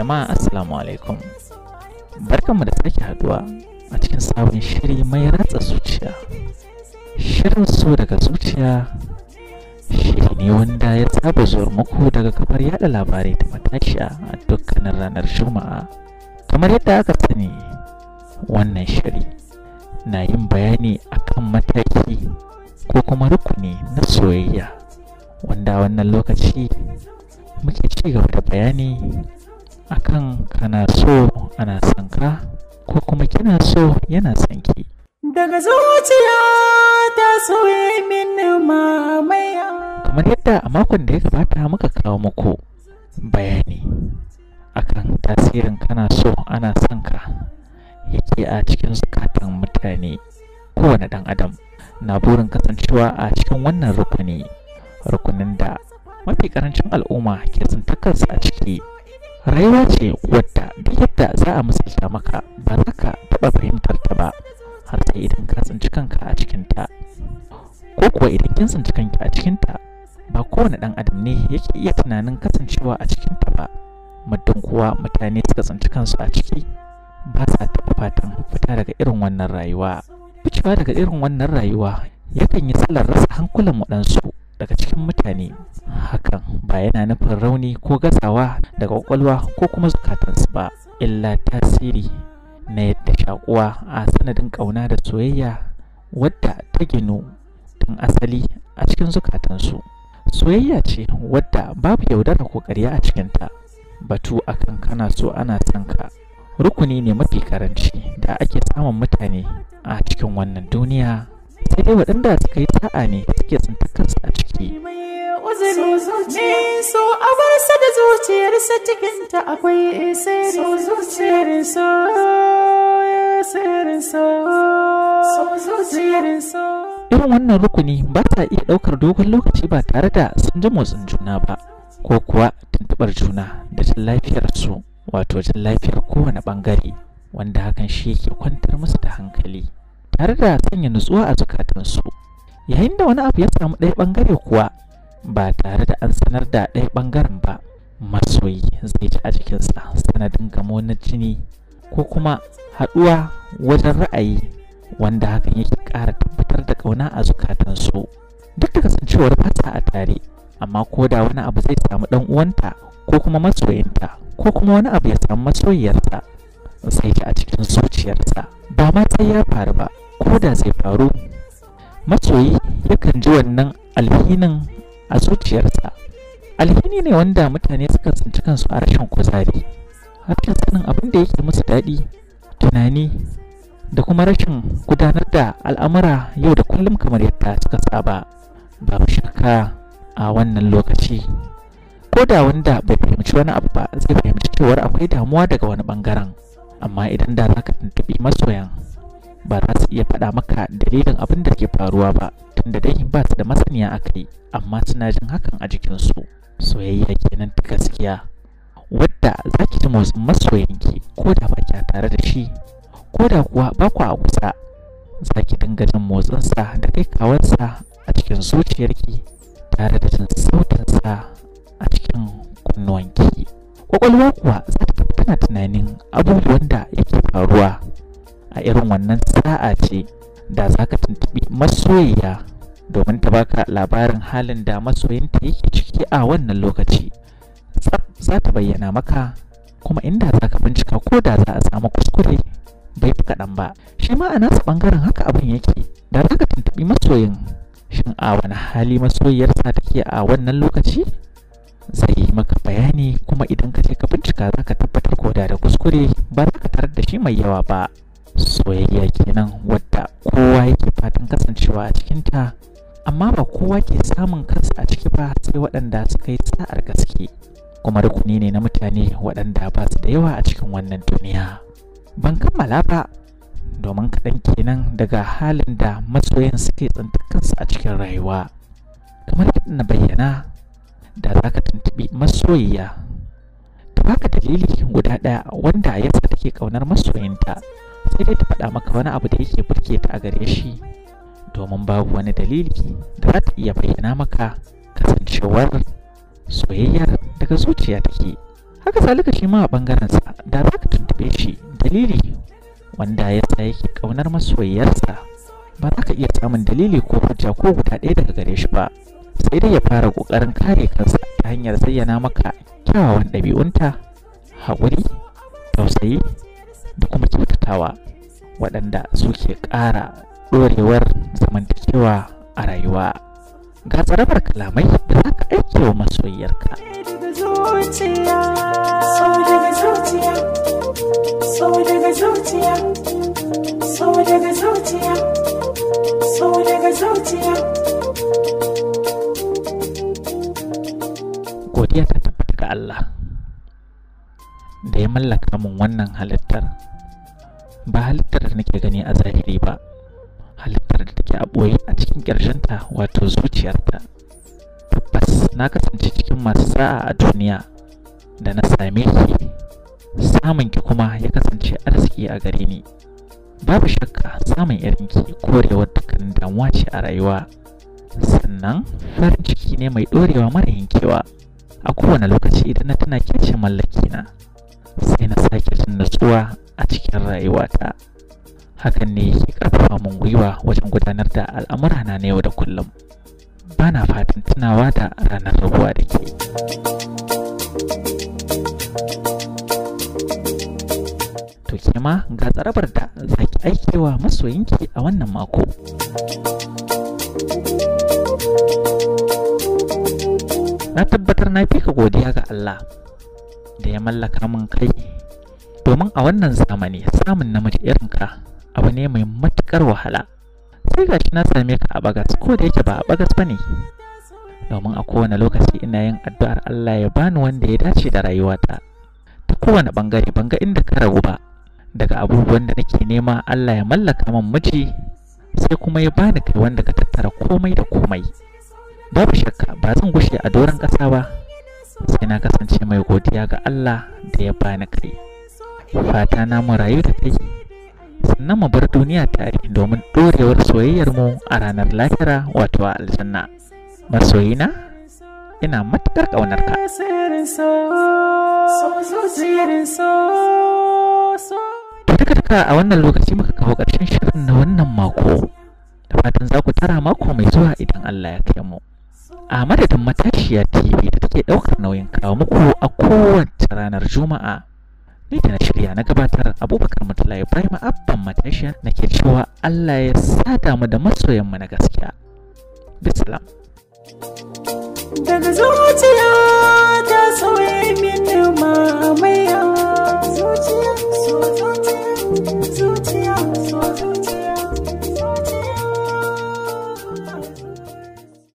jama'a assalamu alaikum mu da sake haduwa a cikin sabon shiri mai ratsa zuciya shirin so daga zuciya shiri ne wanda ya saba zuwar muku daga kafar yada labarai ta matashiya a dukkanin ranar juma'a kamar yadda aka sani wannan shiri na yin bayani akan mataki ko kuma rukuni na soyayya wanda wannan lokaci muke ci gaba da bayani akan kana so ana son ka ko kuma kina so yana son ki daga zuciya ta soye min mamaya kamar yadda a makon da ya gabata muka kawo muku bayani akan tasirin kana so ana son ka yake a cikin zukatan mutane kowane ɗan adam na burin kasancewa a cikin wannan rukuni rukunin da mafi ƙarancin al'umma ke tsintakarsa a ciki rayuwa ce wadda duk yadda za a misalta maka ba za ka taɓa fahimtar ta ba har sai idan ka tsinci kanka a cikinta ko kuwa idan kin tsinci kanki a cikinta ba kowane ɗan adam ne yake iya tunanin kasancewa a cikinta ba muddin kuwa mutane suka tsinci kansu a ciki ba sa taɓa fatan fita daga irin wannan rayuwa ficewa daga irin wannan rayuwa yakan yi tsalar rasa hankulan waɗansu daga cikin mutane ba yana nufin rauni ko gasawa daga kwakwalwa ko kuma zukatansu ba illa tasiri na yadda shakuwa a sanadin ƙauna da soyayya wadda ta ginu tun asali a cikin zukatansu soyayya ce wadda babu yaudara ko ƙarya a cikinta batu akan kana so ana son ka rukuni ne mafi karanci da ake samun mutane a cikin wannan duniya sai dai waɗanda suka yi sa'a ne suke tsinta kansa a ciki da zuciyarsa cikinta irin wannan rukuni ba ta iya ɗaukar dogon lokaci ba tare da sun ji motsin juna ba ko kuwa tuntuɓar juna da jin lafiyar su wato jin lafiyar kowane ɓangare wanda hakan shi yake kwantar musu da hankali tare da sanya nutsuwa a zukatansu yayin da wani abu ya samu ɗaya ɓangare kuwa ba tare da an sanar da ɗaya ɓangaren ba masoyi zai ji a jikinsa sanadin gamo na jini ko kuma haɗuwa wajen ra'ayi wanda hakan yake ƙara tabbatar da ƙauna a zukatansu duk da kasancewar fata a tare amma ko da wani abu zai samu ɗan uwanta ko kuma masoyinta ko kuma wani abu ya samu masoyiyarsa zai ji a cikin zuciyarsa ba ma sai ya faru ba ko da zai faru masoyi yakan ji wannan alhinin a zuciyarsa alhini ne wanda mutane suka tsinci kansu a rashin kuzari rashin sanin abin da yake musu daɗi tunani da kuma rashin gudanar da al'amura yau da kullum kamar yadda suka saba babu shakka a wannan lokaci ko da wanda bai fahimci wani abu ba zai fahimci cewar akwai damuwa daga wani bangaren amma idan da za ka tuntuɓi masoyan ba za su iya faɗa maka dalilin abin da ke faruwa ba tunda dai ba su da masaniya a kai amma suna jin hakan a jikin su soyayya kenan ta gaskiya wadda za ki ji motsin masoyanki ko da ba kya tare da shi ko da kuwa ba ku a kusa za ki dinga jin motsinsa da kai kawansa a cikin zuciyarki tare da jin sautinsa a cikin kunnuwanki kwakwalwa kuwa za ta tana tunanin abubuwan da yake faruwa a irin wannan sa'a ce da za ka tuntuɓi masoyiya domin ta baka labarin halin da masoyinta yake ciki a wannan lokaci za ta bayyana maka kuma inda za ka bincika ko da za a samu kuskure bai fi kaɗan ba shi ma a nasa ɓangaren haka abin yake da za ka tuntuɓi masoyin shin a wani hali masoyiyarsa take a wannan lokaci zai yi maka bayani kuma idan ka je ka bincika za ka tabbatar ko da da kuskure ba za ka tarar da shi mai yawa ba soyayya kenan wadda kowa yake fatan kasancewa a cikinta amma ba kowa ke samun kansa a ciki ba sai waɗanda suka yi sa'ar gaske kuma rukuni ne na mutane waɗanda ba su da yawa a cikin wannan duniya ban kammala ba domin kaɗan kenan daga halin da masoyan suke tsantar kansu a cikin rayuwa kamar yadda na bayyana da za ka tuntuɓi masoyiya ta baka dalili guda ɗaya wanda yasa take ƙaunar masoyinta sai dai ta faɗa maka wani abu da yake burge ta a gare shi domin babu wani dalili da za ta iya bayyana maka kasancewar soyayyar daga zuciya take haka zalika shi ma a ɓangarensa da za ka tuntube shi dalili wanda ya sa yake ƙaunar masoyiyarsa ba za ka iya samun dalili ko hujja ko guda ɗaya daga gare shi ba sai dai ya fara ƙoƙarin kare kansa ta hanyar zayyana maka kyawawan ɗabi'unta haƙuri tausayi da kuma kyautatawa waɗanda suke ƙara ɗorewar zamantakewa a rayuwa ga tsarabar kalamai da za ka aike wa masoyiyarka godiya ta tabbata ga Allah da ya mallaka min wannan halittar ba halittar da nake gani a zahiri ba halittar da take a ɓoye a cikin ƙarshenta wato zuciyarta tabbas na kasance cikin masu sa'a a duniya da na same ki samun ki kuma ya kasance arziki a gare ni babu shakka samun ki korewar dukkanin damuwa ce a rayuwa sannan farin ciki ne mai ɗorewa mara yankewa a kowane lokaci idan na tana kece mallaki na sai na sake jin natsuwa a cikin rayuwata hakan ne yake ƙarfafa min gwiwa wajen gudanar da al'amura na yau da kullum ba na fatan tunawa da ranar rabuwa da ke to ke ma ga tsarabar da za ki aikewa masoyinki a wannan mako na tabbatar na fi godiya ga Allah da ya mallaka min kai domin a wannan zamani samun namiji irin ka abu ne mai matuƙar wahala sai ga shi na same ka a bagas ko da yake ba a bagas ba ne domin a kowane lokaci ina yin addu'ar Allah ya bani wanda ya dace da rayuwata ta kowane bangare banga inda ka ragu ba daga abubuwan da nake nema Allah ya mallaka min miji sai kuma ya bani kai wanda ka tattara komai da komai babu shakka ba zan gushe a doron ƙasa ba sai na kasance mai godiya ga Allah da ya bani kai fata na mu rayu da take sannan mu bar duniya tare domin ɗorewar soyayyarmu a ranar lahira wato a aljanna masoyina ina matuƙar ƙaunarka to duka duka a wannan lokaci muka kawo ƙarshen shirin na wannan mako da fatan za ku tara mako mai zuwa idan Allah ya kai mu a madadin matashiya tv da take ɗaukar nauyin kawo muku a kowace ranar juma'a ni da na shirya na gabatar abubakar mutala ibrahim abban matashiya nake cewa allah ya sada mu da masoyanmu na gaskiya bisalam daga zuciya ta sauya